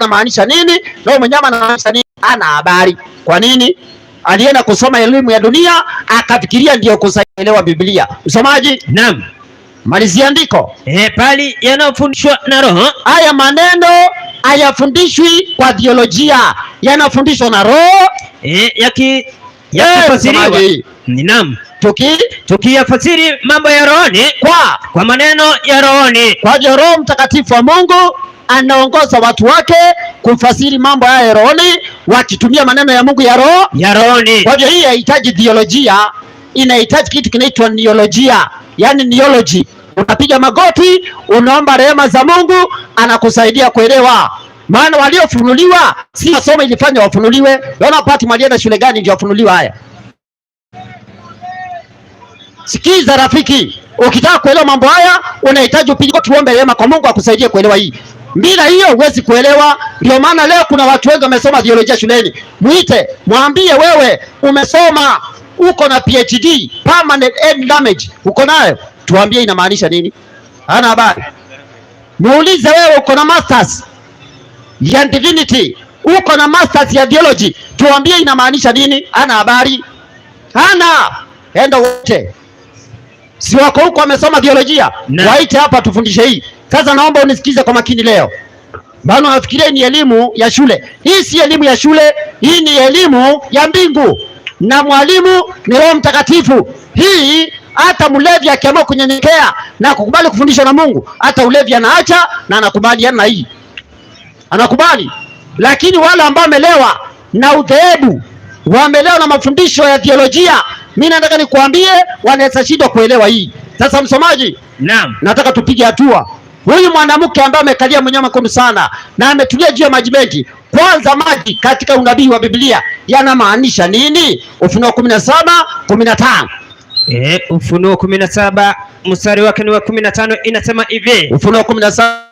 anamaanisha nini na mwenyewe anamaanisha nini, ana habari. Kwa nini alienda kusoma elimu ya dunia akafikiria ndio kusaelewa Biblia? Msomaji, naam, malizia andiko eh, pali yanafundishwa na Roho. Haya maneno hayafundishwi kwa theolojia, yanafundishwa na Roho eh, yaki yakifasiriwa naam tuki tukiyafasiri mambo ya rohoni kwa kwa maneno ya rohoni kwa Roho Mtakatifu wa Mungu anaongoza watu wake kufasiri mambo haya rohoni, wakitumia maneno ya Mungu ya roho ya rohoni. Kwa hivyo hii haihitaji theolojia, inahitaji kitu kinaitwa niolojia, yani neology. Unapiga magoti, unaomba rehema za Mungu, anakusaidia kuelewa maana waliofunuliwa si masomo ilifanya wafunuliwe. Naona pati mwalienda shule gani ndio wafunuliwa haya? Sikiza rafiki, Ukitaka kuelewa mambo haya unahitaji upige tuombe rehema kwa Mungu akusaidie kuelewa hii. Bila hiyo huwezi kuelewa. Ndio maana leo kuna watu wengi wamesoma theolojia shuleni. Mwite, mwambie wewe umesoma, uko na PhD, permanent head damage, uko nayo. Tuambie inamaanisha nini? Hana habari. Muulize wewe uko na masters ya divinity, uko na masters ya theology, tuambie inamaanisha nini? Hana habari. Hana. Enda wote si wako huko wamesoma biolojia, waite hapa tufundishe hii. Sasa naomba unisikize kwa makini leo, maana nafikiria ni elimu ya shule. Hii si elimu ya shule, hii ni elimu ya mbingu, na mwalimu ni Roho Mtakatifu. Hii hata mlevi akiamua kunyenyekea na kukubali kufundishwa na Mungu, hata ulevi anaacha na anakubaliana na hii, anakubali. Lakini wale ambao wamelewa na udhehebu, wamelewa na mafundisho ya theolojia mimi nataka nikuambie, wanaweza shindwa kuelewa hii. Sasa msomaji, naam, nataka tupige hatua. Huyu mwanamke ambaye amekalia mnyama kunu sana na ametulia juu ya maji mengi. Kwanza, maji katika unabii wa Biblia yanamaanisha nini? Ufunuo kumi na saba kumi na tano. Eh, Ufunuo kumi na saba mstari wake ni wa kumi na tano inasema hivi. Ufunuo kumi na saba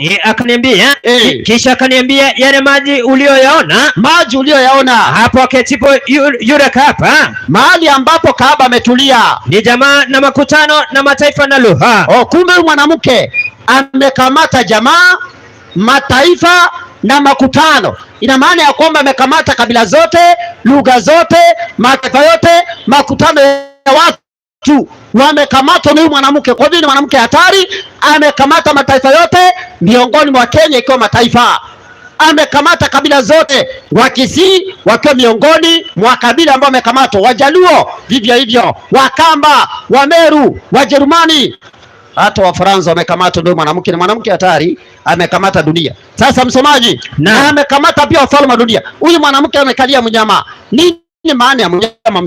E, akaniambia e. Kisha akaniambia yale maji uliyoyaona, maji uliyoyaona hapo aketipo yule kahaba, mahali ambapo kahaba ametulia, ni jamaa na makutano na mataifa na lugha. Oh, kumbe mwanamke amekamata jamaa, mataifa na makutano. Ina maana ya kwamba amekamata kabila zote, lugha zote, mataifa yote, makutano ya watu wamekamatwa na huyu mwanamke. Kwa hivyo ni mwanamke hatari, amekamata mataifa yote miongoni mwa Kenya ikiwa mataifa, amekamata kabila zote, Wakisii wakiwa miongoni mwa kabila ambao wamekamatwa, Wajaluo vivyo hivyo, Wakamba, Wameru, Wajerumani hata Wafaransa wamekamatwa. Ndio mwanamke ni mwanamke hatari, amekamata dunia. Sasa msomaji, na amekamata pia wafalme wa dunia. Huyu mwanamke amekalia mnyama. Nini maana ya mnyama,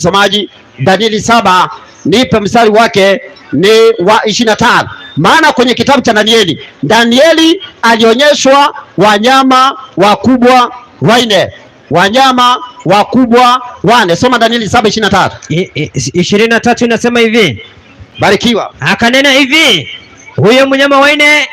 msomaji? Danieli saba nipe mstari wake ni wa ishirini na tano maana kwenye kitabu cha Danieli, Danieli alionyeshwa wanyama wakubwa wanne wanyama wakubwa wane. Soma Danieli saba ishirini na tatu ishirini na tatu inasema hivi, barikiwa akanena hivi, huyo mnyama wanne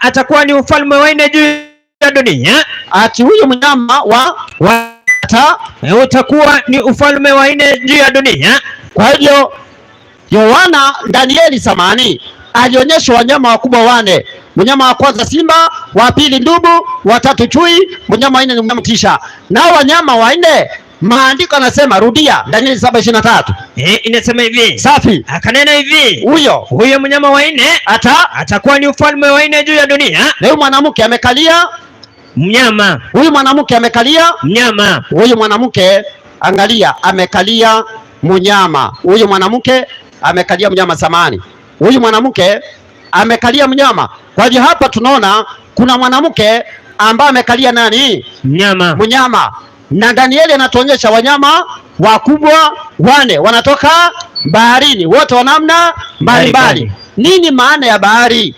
atakuwa ni ufalme wanne juu ya dunia. Ati huyo mnyama wa, wa, ata, e, utakuwa ni ufalme wanne juu ya dunia kwa hivyo Yohana Danieli samani alionyeshwa wanyama wakubwa wane. Mnyama wa kwanza simba, wa pili ndubu, wa tatu chui, mnyama wa nne ni mnyama tisha. Na wanyama wanne maandiko anasema, rudia Danieli 7:23. na tatu. Eh, inasema hivi. Safi. Akanena hivi, huyo huyo mnyama wa nne ata atakuwa ni ufalme wa nne juu ya dunia, na huyo mwanamke amekalia mnyama. Huyu mwanamke amekalia mnyama. Huyu mwanamke angalia, amekalia mnyama. Huyu mwanamke amekalia mnyama, samani, huyu mwanamke amekalia mnyama. Kwa hivyo hapa tunaona kuna mwanamke ambaye amekalia nani? Mnyama, mnyama. Na Danieli anatuonyesha wanyama wakubwa wane wanatoka baharini, wote wa namna mbalimbali. Nini maana ya bahari?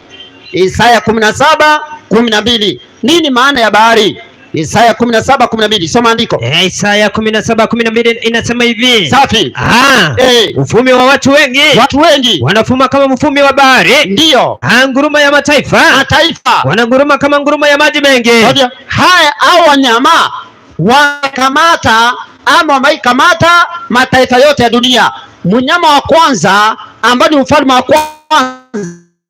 Isaya kumi na saba kumi na mbili. Nini maana ya bahari? Isaya 17:12 soma andiko. Eh, Isaya 17:12 inasema hivi. Safi. Ah, eh, wa watu wengi. Watu wengi wanafuma kama mfumi wa bahari. Ndio. Ah, nguruma ya mataifa. Mataifa wananguruma kama nguruma ya maji mengi. Haya, hao wanyama wakamata ama wamaikamata mataifa yote ya dunia. Mnyama wa kwanza ambaye ni mfalme wa kwanza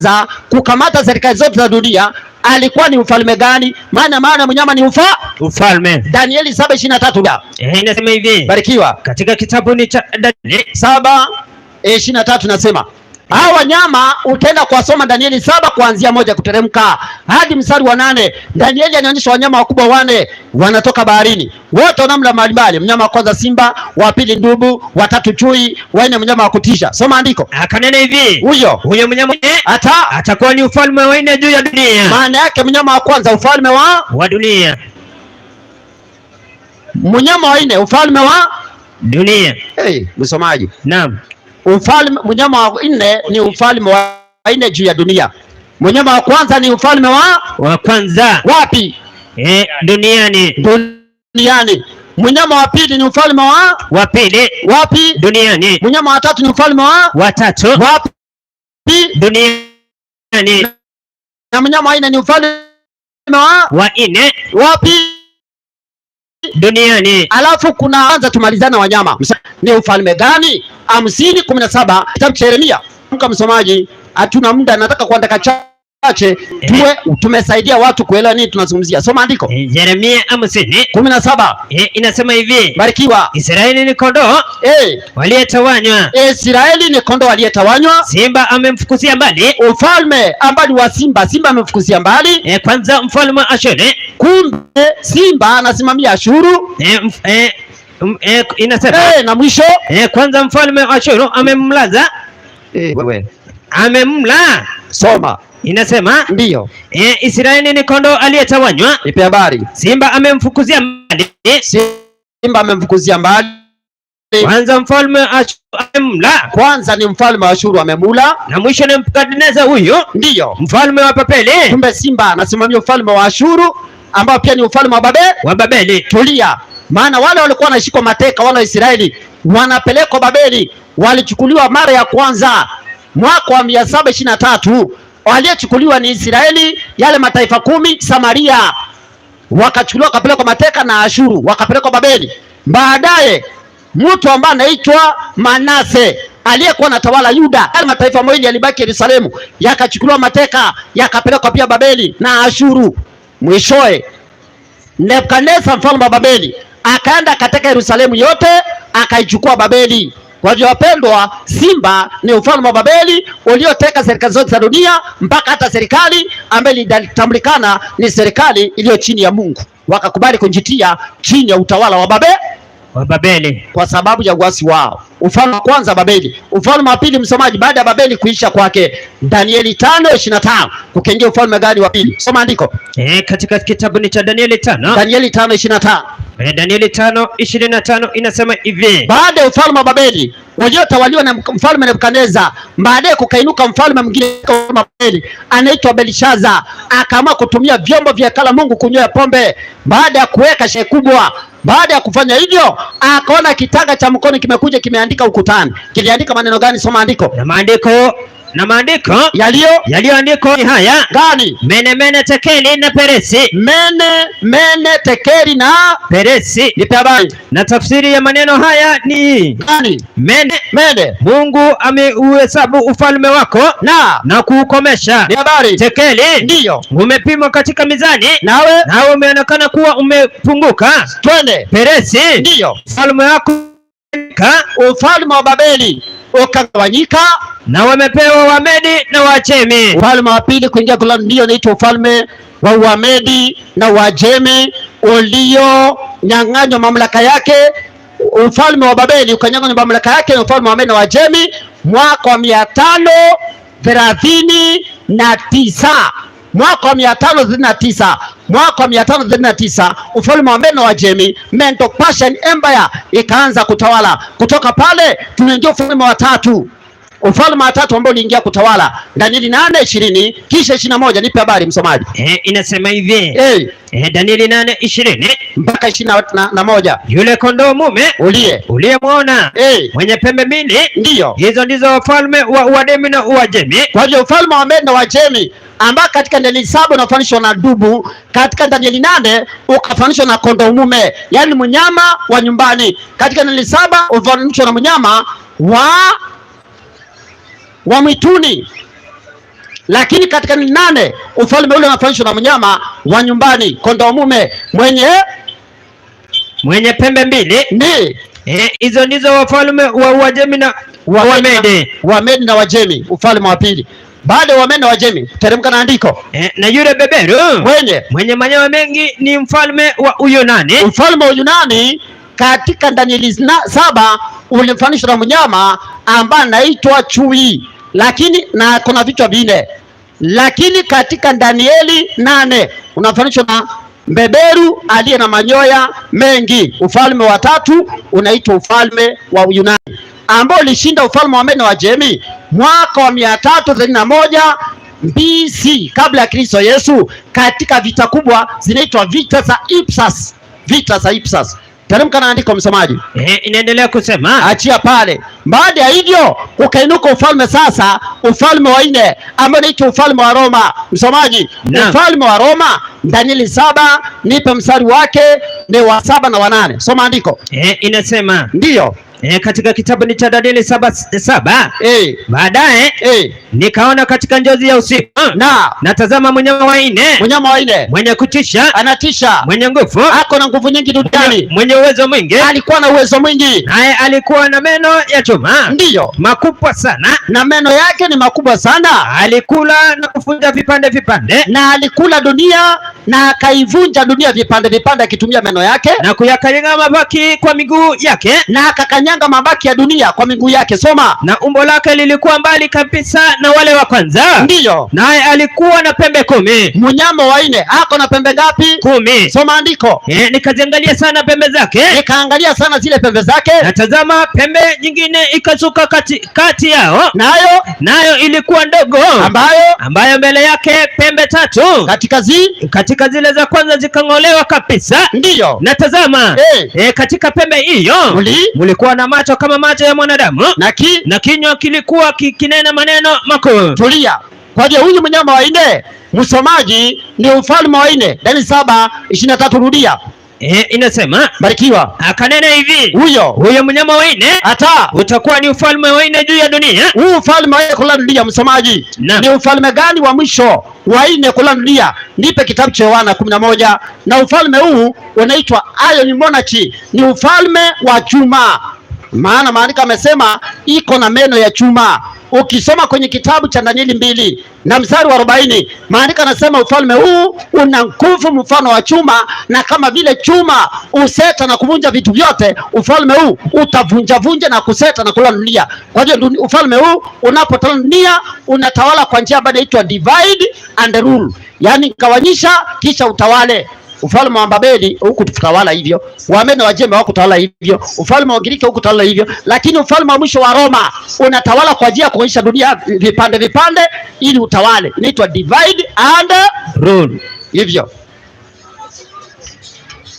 za kukamata serikali zote za dunia alikuwa ni mfalme gani? Maana maana mnyama ni ufa ufalme. Danieli 7:23 eh, inasema hivi. Barikiwa katika kitabu ni cha Danieli 7:23 eh, nasema Hawa wanyama utaenda kuwasoma Danieli saba kuanzia moja kuteremka hadi mstari wa nane. Danieli anaonyesha wanyama wakubwa wane wanatoka baharini, wote namna mbalimbali. Mnyama wa kwanza simba, wa pili ndubu, watatu chui, wanne mnyama wa kutisha. Soma andiko. Akanena hivi, huyo huyo mnyama ata atakuwa ni ufalme wa nne juu ya dunia. Maana yake mnyama wa kwanza ufalme wa wa dunia, mnyama wa nne ufalme wa dunia. Hey, msomaji, naam Ufalme mnyama wa nne ni ufalme wa nne juu ya dunia. Mnyama wa kwanza ni ufalme wa wa kwanza wapi? Eh, duniani. Duniani. Mnyama wa pili ni ufalme wa wa pili wapi? Duniani. Mnyama wa tatu ni ufalme wa wa tatu wapi? Duniani. Na mnyama wa nne ni ufalme wa wa nne wapi? duniani. Alafu kuna anza tumalizana wanyama, ni ufalme gani? hamsini kumi na saba kitabu cha Yeremia. Mka msomaji, hatuna muda, nataka kuandika chache eh. tuwe tumesaidia watu kuelewa nini tunazungumzia. Soma andiko Yeremia eh, hamsini kumi na saba eh, inasema hivi, barikiwa Israeli ni kondoo eh, waliyetawanywa. Israeli ni kondoo waliyetawanywa, simba amemfukuzia mbali, ufalme ambali wa simba, simba amemfukuzia mbali e, kwanza mfalme Ashuru, kumbe simba anasimamia Ashuru e, mf, e, um, e, inasema e, na mwisho e, kwanza mfalme Ashuru amemlaza e, amemla Soma. Inasema ndio E, Israeli ni kondoo aliyetawanywa. Nipe habari. Simba amemfukuzia mbali. Simba amemfukuzia mbali. Kwanza mfalme amemla. Kwanza ni mfalme wa Ashuru amemula, na mwisho ni Mkadneza huyu ndio mfalme wa Babeli. Kumbe simba anasimamia ufalme wa Ashuru ambao pia ni ufalme wa Babeli, wa Babeli. Tulia, maana wale walikuwa wanashikwa mateka wa Israeli wanapelekwa Babeli, walichukuliwa mara ya kwanza mwaka wa mia saba ishirini na tatu waliochukuliwa ni Israeli, yale mataifa kumi, Samaria wakachukuliwa wakapelekwa mateka na Ashuru wakapelekwa Babeli. Baadaye mtu ambaye anaitwa Manase aliyekuwa tawala Yuda, yale mataifa mawili yalibaki Yerusalemu, yakachukuliwa mateka yakapelekwa pia Babeli na Ashuru. mwishoe Nebukadneza mfalme wa Babeli akaenda akateka Yerusalemu yote akaichukua Babeli. Kwa hivyo wapendwa, Simba ni ufalme wa Babeli ulioteka serikali zote za dunia mpaka hata serikali ambayo ilitambulikana ni serikali iliyo chini ya Mungu, wakakubali kujitia chini ya utawala wa Babeli wa Babeli kwa sababu ya uasi wao. Ufalme wa kwanza Babeli. Ufalme wa pili, msomaji, baada ya Babeli kuisha kwake, Danieli 5:25 kukiingia ufalme gani wa pili? Soma andiko eh, katika kitabu ni cha Danieli 5, Danieli Danieli tano inasema hivi, baada ya ufalme wa Babeli waliotawaliwa na mfalme Nebukadneza, baadaye kukainuka mfalme mwingine wa Babeli anaitwa Belishaza, akaamua kutumia vyombo vya kala Mungu kunywa pombe, baada ya kuweka sherehe kubwa. Baada ya kufanya hivyo, akaona kitanga cha mkono kimekuja, kimeandika ukutani. Kiliandika maneno gani? Soma andiko na maandiko na maandiko yaliyoandikwa ni haya gani? Mene mene tekeli na peresi. Mene mene tekeli na peresi ni habari, na tafsiri ya maneno haya ni gani? Mene mene, Mungu ameuhesabu ufalme wako na na kuukomesha. Ni habari. Tekeli ndiyo umepimwa katika mizani, nawe nawe umeonekana kuwa umepunguka. Twende. Peresi ndiyo ufalme wako, ufalme wa Babeli ukagawanyika, na wamepewa Wamedi na Wajemi. Ufalme wa pili kuingia Golani ndio naitwa ufalme wa Wamedi na Wajemi ulionyang'anywa mamlaka yake. Ufalme wa Babeli ukanyang'anywa mamlaka yake na ufalme wa Wamedi na Wajemi mwaka wa mia tano thelathini na tisa mwaka wa mia tano thelathini na tisa mwaka wa mia tano thelathini na tisa ufalme wa Meno wa Jemi, Mendo Persian Empire ikaanza kutawala. Kutoka pale tunaingia ufalme wa tatu, ufalme wa tatu ambao uliingia kutawala Danieli nane ishirini kisha ishirini na moja Nipe habari msomaji. Eh, inasema hivi hey. Eh. eh, Danieli nane ishirini mpaka ishirini na, na moja yule kondoo mume uliye uliyemwona hey. Eh. mwenye pembe mbili, ndiyo hizo ndizo wafalme wa uademi na Uajemi. Kwa hivyo ufalme wa Mendo wa Jemi ambayo katika Danieli saba unafananishwa na dubu, katika Danieli nane ukafananishwa na kondoo mume, yaani mnyama wa nyumbani. Katika Danieli saba unafananishwa na mnyama wa wa mwituni lakini katika nane ufalme ule unafananishwa na mnyama wa nyumbani, kondoo mume mwenye mwenye pembe mbili. Ni eh, hizo ndizo wafalme wa Uajemi na wa Wamedi, Wamedi na Wajemi, ufalme wa pili. Baada wamene wamena wa Jemi, teremka na andiko e, na yule beberu mwenye mwenye manyoya mengi ni mfalme wa Uyunani. Mfalme wa Uyunani katika Danieli saba ulimfanishwa na mnyama ambaye anaitwa chui, lakini na kuna vichwa vinne, lakini katika Danieli nane unafanishwa na beberu aliye na manyoya mengi. Ufalme wa tatu unaitwa ufalme wa Uyunani ambao ulishinda ufalme wa Mene wa Jemi mwaka wa mia tatu thelathini na moja BC kabla ya Kristo Yesu, katika vita kubwa zinaitwa vita za Ipsas. Vita za Ipsas, teremka na andiko msomaji. Ehe, inaendelea kusema achia pale. Baada ya hivyo ukainuka ufalme sasa, ufalme wa nne ambao naitwa ufalme wa Roma. Msomaji, ufalme wa Roma, Danieli saba, nipe mstari wake, ni wa saba na wanane. Soma andiko. Ehe, inasema ndiyo E, katika kitabu cha Danieli saba, saba. Eh. Baadaye e. Nikaona katika njozi ya usiku na natazama mnyama wa nne mnyama wa nne mwenye kutisha, anatisha, mwenye nguvu, ako na nguvu nyingi duniani, mwenye uwezo mwingi, alikuwa na uwezo mwingi, naye alikuwa na meno ya chuma, ndiyo makubwa sana, na meno yake ni makubwa sana. Alikula na kuvunja vipande vipande, na alikula dunia na akaivunja dunia vipande vipande, akitumia meno yake na kuyakanyaga mabaki kwa miguu yake na akakanya alikanyaga mabaki ya dunia kwa miguu yake. Soma. Na umbo lake lilikuwa mbali kabisa na wale wa kwanza. Ndiyo. Naye alikuwa na pembe kumi. Mnyama wa nne ako na pembe ngapi? Kumi. Soma andiko. E, nikaziangalia sana pembe zake, nikaangalia sana zile pembe zake, natazama pembe nyingine ikazuka kati, kati yao, nayo nayo ilikuwa ndogo, ambayo ambayo mbele yake pembe tatu katika, zi? katika zile za kwanza zikang'olewa kabisa. Ndiyo. natazama e. Eh. E, katika pembe hiyo mulikuwa na macho kama macho ya mwanadamu eh? na, ki, na kinywa kilikuwa kinena maneno makuu. Tulia. Kwa hiyo huyu mnyama wa nne msomaji ni ufalme wa nne, Danieli saba ishirini na tatu. Rudia. E, inasema barikiwa akanena hivi huyo huyo mnyama wa nne hata utakuwa ni ufalme wa nne juu ya dunia. Huu ufalme wa nne kula dunia, msomaji, ni ufalme gani wa mwisho wa nne kula dunia? Nipe kitabu cha Yohana kumi na moja. Na ufalme huu unaitwa Iron Monarchy, ni ufalme wa chuma maana maandiko amesema iko na meno ya chuma. Ukisoma kwenye kitabu cha Danieli mbili na mstari wa arobaini maandiko anasema ufalme huu una nguvu mfano wa chuma, na kama vile chuma useta na kuvunja vitu vyote, ufalme huu utavunjavunja na kuseta na kula dunia. Kwa hiyo ufalme huu unapotawala dunia unatawala kwa njia ambayo inaitwa divide and rule, yaani gawanyisha kisha utawale. Ufalme wa Babeli huku hukutawala hivyo, Wameno wako tawala hivyo, ufalme wa Giriki huku tawala hivyo, lakini ufalme wa mwisho wa Roma unatawala kwa ajili ya kuonyesha dunia vipande vipande ili utawale. Inaitwa divide and rule. Hivyo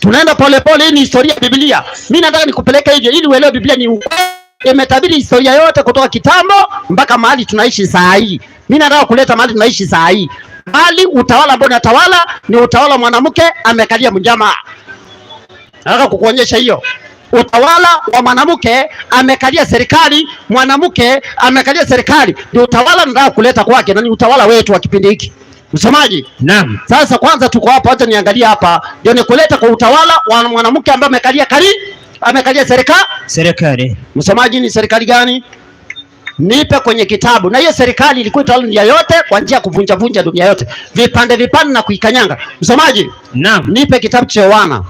tunaenda polepole. Hii ni historia ya Biblia. Mimi nataka nikupeleke hivyo ili uelewe Biblia ni ukweli, imetabiri historia yote kutoka kitambo mpaka mahali tunaishi saa hii. Mimi nataka kuleta mahali tunaishi saa hii bali utawala ambao natawala ni utawala mwanamke amekalia mjamaa. Nataka kukuonyesha hiyo utawala wa mwanamke amekalia serikali, mwanamke amekalia serikali, ni utawala nataka kuleta kwake, na ni utawala wetu wa kipindi hiki. Msomaji, naam. Sasa kwanza tuko hapa, acha niangalie hapa, ndio nikuleta kwa utawala wa mwanamke ambaye amekalia kali amekalia serikali. Serikali msomaji, ni serikali gani? nipe kwenye kitabu. Na hiyo serikali ilikuwa itawala dunia yote kwa njia ya kuvunja vunja dunia yote vipande vipande na kuikanyanga. Msomaji, naam, nipe kitabu cha Yohana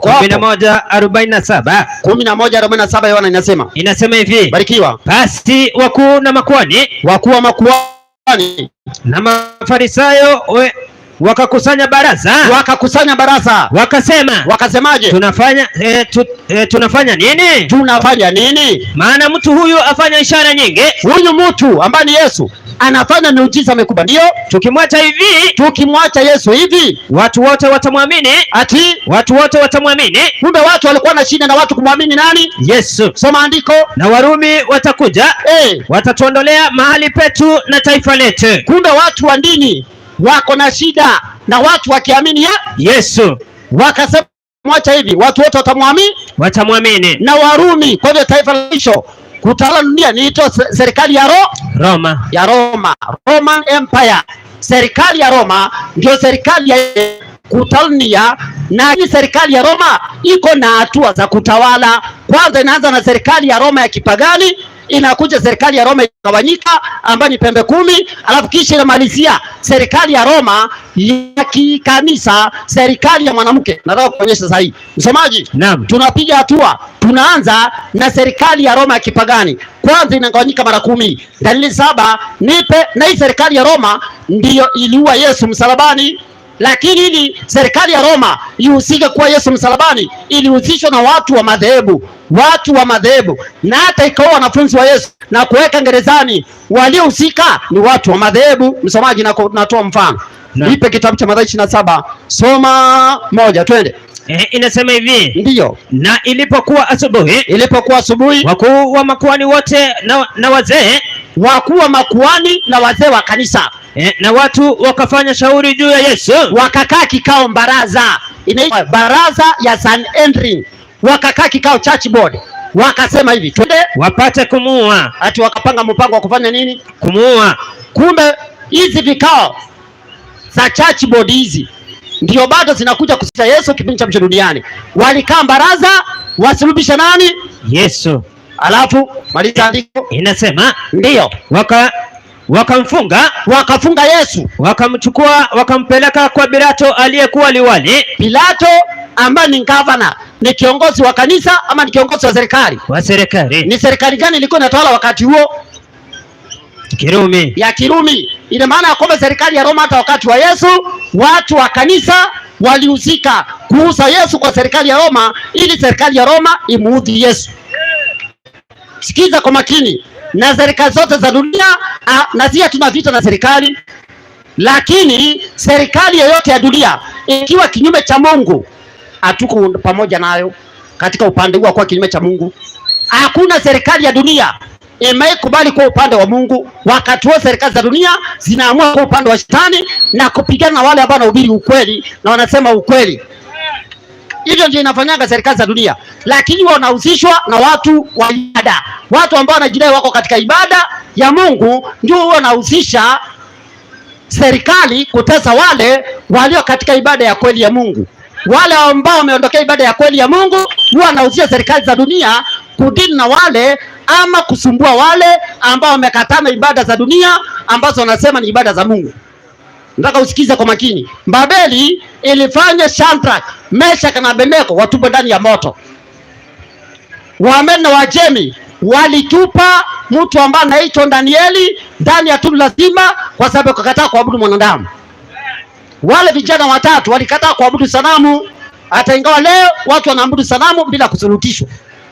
kumi na moja arobaini na saba kumi na moja arobaini na saba Yohana inasema inasema hivi, barikiwa basi wakuu na makuani wakuu wa makuani na Mafarisayo we wakakusanya baraza wakakusanya baraza wakasema wakasemaje? tunafanya e, tu, e, tunafanya nini? tunafanya nini? maana mtu huyu afanya ishara nyingi. Huyu mtu ambaye ni Yesu anafanya miujiza mikubwa, ndio tukimwacha hivi, tukimwacha Yesu hivi, watu wote watamwamini. Ati watu wote watamwamini. Kumbe watu walikuwa na shida na watu kumwamini nani? Yesu. Soma andiko. Na Warumi watakuja, hey, eh. watatuondolea mahali petu na taifa letu. Kumbe watu wa dini wako na shida, na watu wakiamini ya Yesu wakasema mwacha hivi, watu wote watamwamini, watamwamini na Warumi. Kwa hivyo taifa la mwisho kutawala dunia niitwa serikali ya ro Roma, ya Roma, Roma Empire. Serikali ya Roma ndio serikali ya kutawala dunia, na hii serikali ya Roma iko na hatua za kutawala. Kwanza inaanza na serikali ya Roma ya kipagani inakuja serikali ya Roma ikagawanyika, ambayo ni pembe kumi, alafu kisha inamalizia serikali ya Roma ya kikanisa, serikali ya mwanamke. Nataka kuonyesha sasa hii msomaji. Naam. Tunapiga hatua, tunaanza na serikali ya Roma ya kipagani. Kwanza inagawanyika mara kumi, dalili saba nipe. Na hii serikali ya Roma ndiyo iliua Yesu msalabani lakini ili serikali ya Roma ihusike kuwa Yesu msalabani, ilihusishwa na watu wa madhehebu watu wa madhehebu, na hata ikawa wanafunzi wa Yesu na kuweka gerezani waliohusika ni watu wa madhehebu. Msomaji, natoa mfano na. Ipe kitabu cha Mathayo ishirini na saba soma moja, twende. Eh, inasema hivi ndiyo. Na ilipokuwa asubuhi, ilipokuwa asubuhi, wakuu wa makuani wote na, na wazee wakuu wa makuani na wazee wa kanisa e, na watu wakafanya shauri juu ya Yesu, wakakaa kikao baraza, inaitwa baraza ya Sanhedrin wakakaa kikao church board wakasema hivi twende wapate kumuua. Ati wakapanga mpango wa kufanya nini? Kumuua. Kumbe hizi vikao za church board hizi ndio bado zinakuja kusita Yesu kipindi cha mwisho duniani. Walikaa baraza wasulubisha nani? Yesu. Alafu maliza andiko inasema ndio waka wakamfunga wakafunga Yesu, wakamchukua wakampeleka kwa Pilato aliyekuwa liwali, Pilato ambaye ni gavana ni kiongozi wa kanisa ama ni kiongozi wa serikali? Wa serikali. Ni serikali gani ilikuwa inatawala wakati huo? Kirumi. Ya Kirumi. Ina maana ya kwamba serikali ya Roma hata wakati wa Yesu watu wa kanisa walihusika kuuza Yesu kwa serikali ya Roma ili serikali ya Roma imuudhi Yesu. Sikiza kwa makini, na serikali zote za dunia ah, na sisi hatuna vita na serikali, lakini serikali yoyote ya dunia ikiwa kinyume cha Mungu hatuko pamoja nayo katika upande huu wa kuwa kinyume cha Mungu. Hakuna serikali ya dunia imekubali kwa upande wa Mungu, wakati wote serikali za dunia zinaamua kwa upande wa shetani na kupigana na wale ambao wanahubiri ukweli na wanasema ukweli. Hivyo ndio inafanyaga serikali za dunia, lakini wanahusishwa na watu wa ibada. Watu ambao wanajidai wako katika ibada ya Mungu ndio wanahusisha serikali kutesa wale walio katika ibada ya kweli ya Mungu. Wale ambao wameondokea ibada ya kweli ya Mungu huwa anauzia serikali za dunia kudili na wale ama kusumbua wale ambao wamekatana ibada za dunia ambazo wanasema ni ibada za Mungu. Nataka usikize kwa makini. Babeli ilifanya Shadrach, Meshach na Abednego watupwe ndani ya moto. Wamedi na Wajemi walitupa mtu ambaye anaitwa Danieli ndani ya tundu la simba kwa sababu akakataa kuabudu mwanadamu. Wale vijana watatu walikataa kuabudu sanamu, hata ingawa leo watu wanaabudu sanamu bila kusurutishwa.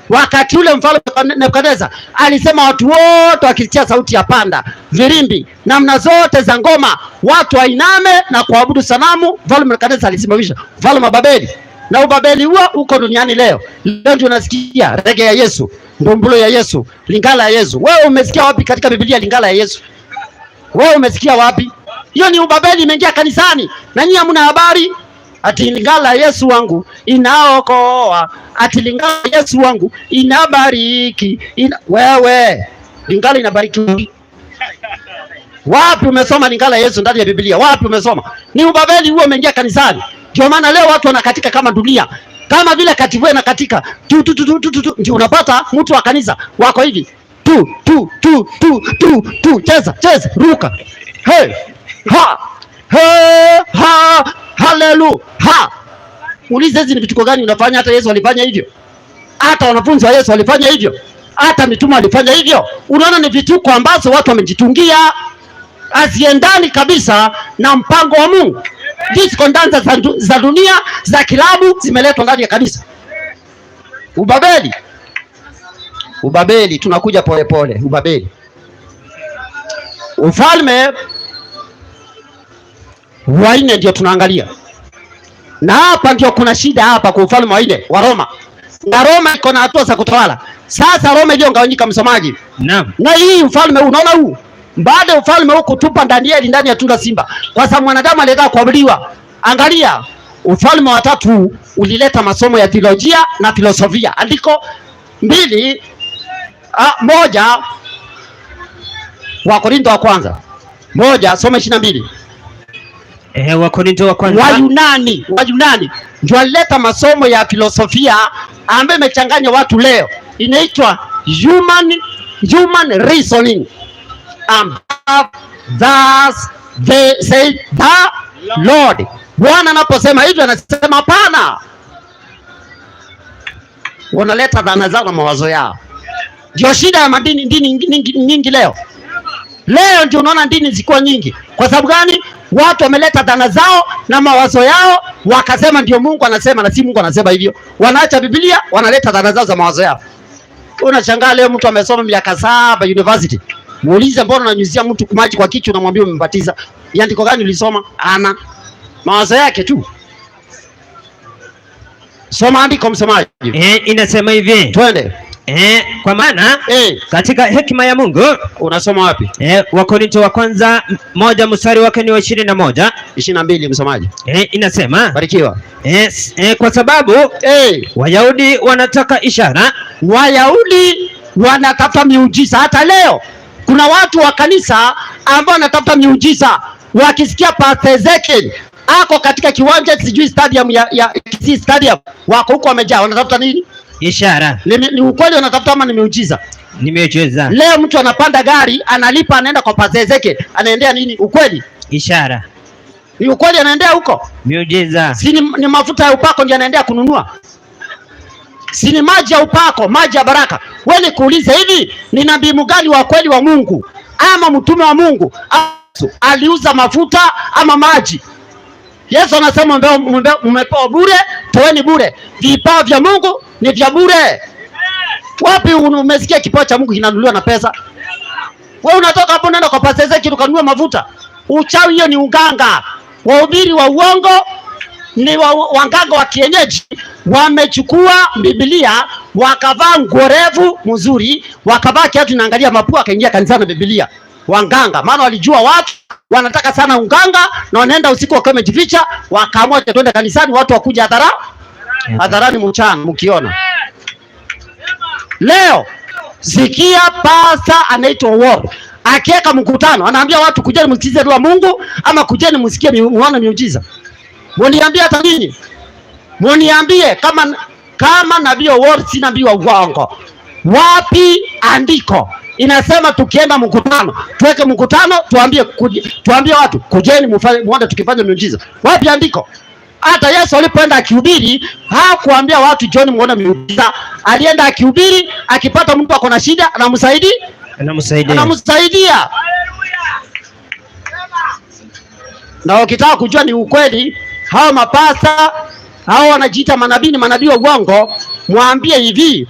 Wakati ule mfalme Nebukadneza alisema watu wote wakitia sauti ya panda, virimbi, namna zote za ngoma, watu wainame na kuabudu sanamu. Mfalme Nebukadneza alisimamisha mfalme wa Babeli, na ubabeli huo uko duniani leo. Leo ndio unasikia rege ya Yesu, ndumbulo ya Yesu, lingala ya Yesu. Wewe umesikia wapi katika Biblia lingala ya Yesu? Wewe umesikia wapi? hiyo ni ubabeli, imeingia kanisani na nyinyi hamna habari. Ati Lingala Yesu wangu inaokoa, ati Lingala Yesu wangu inabariki ina... Wewe Lingala inabariki wapi? Umesoma Lingala Yesu ndani ya Biblia wapi? Umesoma? Ni ubabeli huo, umeingia kanisani. Ndio maana leo watu wanakatika kama dunia kama vile kativue na katika tu tu tu tu tu, ndio unapata mtu wa kanisa wako hivi tu tu tu tu tu tu, cheza cheza, ruka hey ha ha ha haleluya ha. Ulize hizi ni vituko gani unafanya? Hata Yesu alifanya hivyo, hata wanafunzi wa Yesu walifanya hivyo, hata mitume alifanya hivyo. Unaona, ni vituko ambazo watu wamejitungia, haziendani kabisa na mpango wa Mungu. Disco dance za, za dunia za kilabu zimeletwa ndani ya kanisa. Ubabeli, ubabeli, tunakuja polepole pole. Ubabeli, ufalme Waine ndio tunaangalia, na hapa ndio kuna shida hapa kwa ufalme waine wa Roma, na Roma iko na hatua za kutawala. Sasa Roma iliyogawanyika, msomaji, naam. Na hii mfalme unaona huu baada ya ufalme huu kutupa Danieli ndani ya tunda simba, kwa sababu mwanadamu alikaa kuabudiwa. Angalia, ufalme wa tatu ulileta masomo ya theolojia na filosofia. Andiko mbili a, ah, moja wa Korintho wa kwanza moja, soma ishirini na mbili. Ehe, Wakorinto wa kwanza. Wayunani, Wayunani ndio alileta masomo ya filosofia ambayo imechanganya watu leo, inaitwa human human reasoning um, thus they say the Lord. Bwana anaposema hivyo anasema hapana, wanaleta dhana zao na mawazo yao. Ndio shida ya madini, dini nyingi leo. Leo ndio unaona dini zikuwa nyingi. Kwa sababu gani? Watu wameleta dhana zao na mawazo yao, wakasema ndio Mungu anasema na si Mungu anasema hivyo. Wanaacha Biblia, wanaleta dhana zao za mawazo yao. Unashangaa leo mtu amesoma miaka saba university, muulize mbona unanyunyizia mtu maji kwa kichwa, unamwambia umembatiza. Andiko gani ulisoma? Ana mawazo yake tu. Soma andiko, msemaji. Eh, inasema hivi. Twende. Eh, kwa maana eh, katika hekima ya Mungu unasoma wapi? Eh, Wakorinto wa kwanza moja mstari wake ni wa ishirini na moja ishirini na mbili msomaji. Eh, inasema barikiwa. Yes, eh, eh, kwa sababu eh, Wayahudi wanataka ishara, Wayahudi wanatafuta miujiza. Hata leo kuna watu wa kanisa ambao wanatafuta miujiza, wakisikia Pastor Ezekiel ako katika kiwanja sijui stadium ya, ya, si stadium wako huko wamejaa, wanatafuta nini? Ishara. Ni ukweli unatafuta ama nimeujiza nimeujiza Leo mtu anapanda gari, analipa, anaenda kwa pazee zake, anaendea nini? Ukweli? Ishara. Ni ukweli anaendea huko? Miujiza. Si ni, ni mafuta ya upako ndio anaendea kununua? Si ni maji ya upako, maji ya baraka. Wewe nikuulize hivi, ni nabii mgani wa kweli wa Mungu ama mtume wa Mungu aliuza mafuta ama maji? Yesu anasema mmepewa bure, toeni bure. Vipawa vya Mungu ni vya bure. Wapi umesikia kipawa cha Mungu kinanuliwa na pesa? Wewe unatoka hapo unaenda kwa pasta Ezekiel ukanunua mafuta. Uchawi hiyo ni uganga. Wahubiri wa uongo ni wa, wanganga wa kienyeji wamechukua Biblia wakavaa nguo refu mzuri, wakavaa kiatu inaangalia mapua, akaingia kanisani na Biblia. Wanganga maana walijua watu wanataka sana unganga na wanaenda usiku wakiwa wamejificha, wakaamua twende kanisani, watu wakuja hadhara hadharani mchana mkiona. Leo sikia pasta anaitwa Wall akiweka mkutano, anaambia watu kujeni msikize dua Mungu ama kujeni msikie muone miujiza. Mniambie hata nini? Mniambie kama kama nabii Wall si nabii wa uongo. Wapi andiko? inasema tukienda mkutano tuweke mkutano, tuambie tuambie watu kujeni, muone tukifanya miujiza. Wapi andiko? Hata Yesu alipoenda akihubiri hakuambia watu njoni muone miujiza. Alienda akihubiri, akipata mtu ako na shida anamsaidi anamsaidia, anamsaidia. Na ukitaka kujua ni ukweli, hao mapasa hao wanajiita manabii, ni manabii wa uongo. Mwambie hivi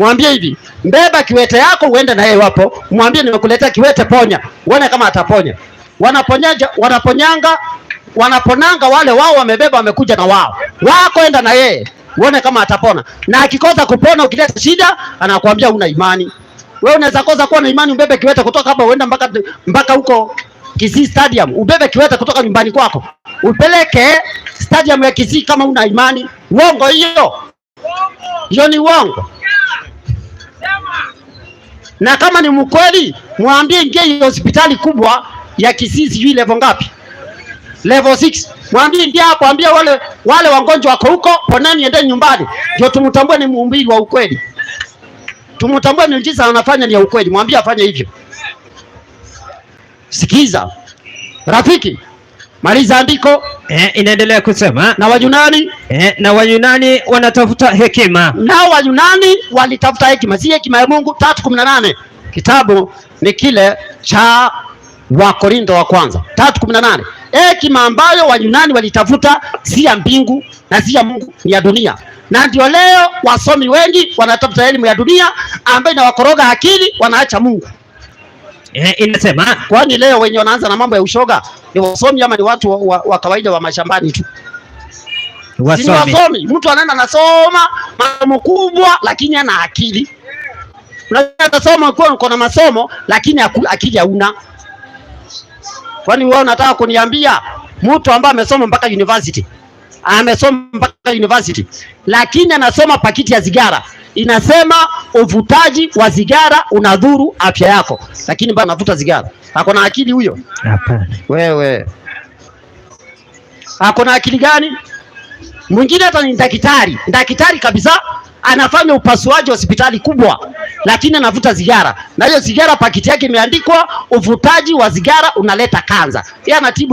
mwambie hivi, mbeba kiwete yako uende na yeye wapo, mwambie nimekuletea kiwete, ponya, uone kama ataponya. Wanaponyaja, wanaponyanga, wanaponanga wale wao wamebeba, wamekuja na wao wako, enda na yeye uone kama atapona, na akikosa kupona, ukileta shida, anakuambia una imani. Wewe unaweza kosa kuwa na imani, ubebe kiwete kutoka hapa uende mpaka mpaka huko Kisii Stadium, ubebe kiwete kutoka nyumbani kwako upeleke stadium ya Kisii kama una imani. Uongo hiyo hiyo, ni uongo na kama ni mkweli, mwambie ingie hiyo hospitali kubwa ya Kisii, sijui level ngapi, level 6. Mwambie ingie hapo, ambie wale wale wagonjwa wako huko, poneni, endeni nyumbani, ndio tumtambue ni muumbili wa ukweli, tumtambue miujiza anafanya ni ya ukweli. Mwambie afanye hivyo. Sikiza rafiki. Maliza andiko. Eh, inaendelea kusema na Wayunani eh, na Wayunani wanatafuta hekima. na Wayunani walitafuta hekima, si hekima ya Mungu. tatu kumi na nane kitabu ni kile cha Wakorintho wa kwanza tatu kumi na nane hekima ambayo Wayunani walitafuta si ya mbingu na si ya Mungu, ni ya dunia. Na ndio leo wasomi wengi wanatafuta elimu ya dunia ambayo inawakoroga akili, wanaacha Mungu. Eh, inasema kwani leo wenye wanaanza na mambo ya ushoga ni wasomi ama ni watu wa, wa, wa kawaida wa mashambani tu? Wasomi. Wasomi. Mtu anaenda anasoma masomo kubwa lakini ana akili. Unasoma kwa uko na masomo lakini akili hauna. Kwani wewe unataka kuniambia mtu ambaye amesoma mpaka university amesoma mpaka university lakini anasoma pakiti ya sigara inasema uvutaji wa sigara unadhuru afya yako, lakini bado anavuta sigara. Ako na akili huyo? Hapana. Wewe ako na akili gani? Mwingine hata ni daktari, daktari kabisa, anafanya upasuaji hospitali kubwa, lakini anavuta sigara, na hiyo sigara pakiti yake imeandikwa uvutaji wa sigara unaleta kansa. Yeye anatibu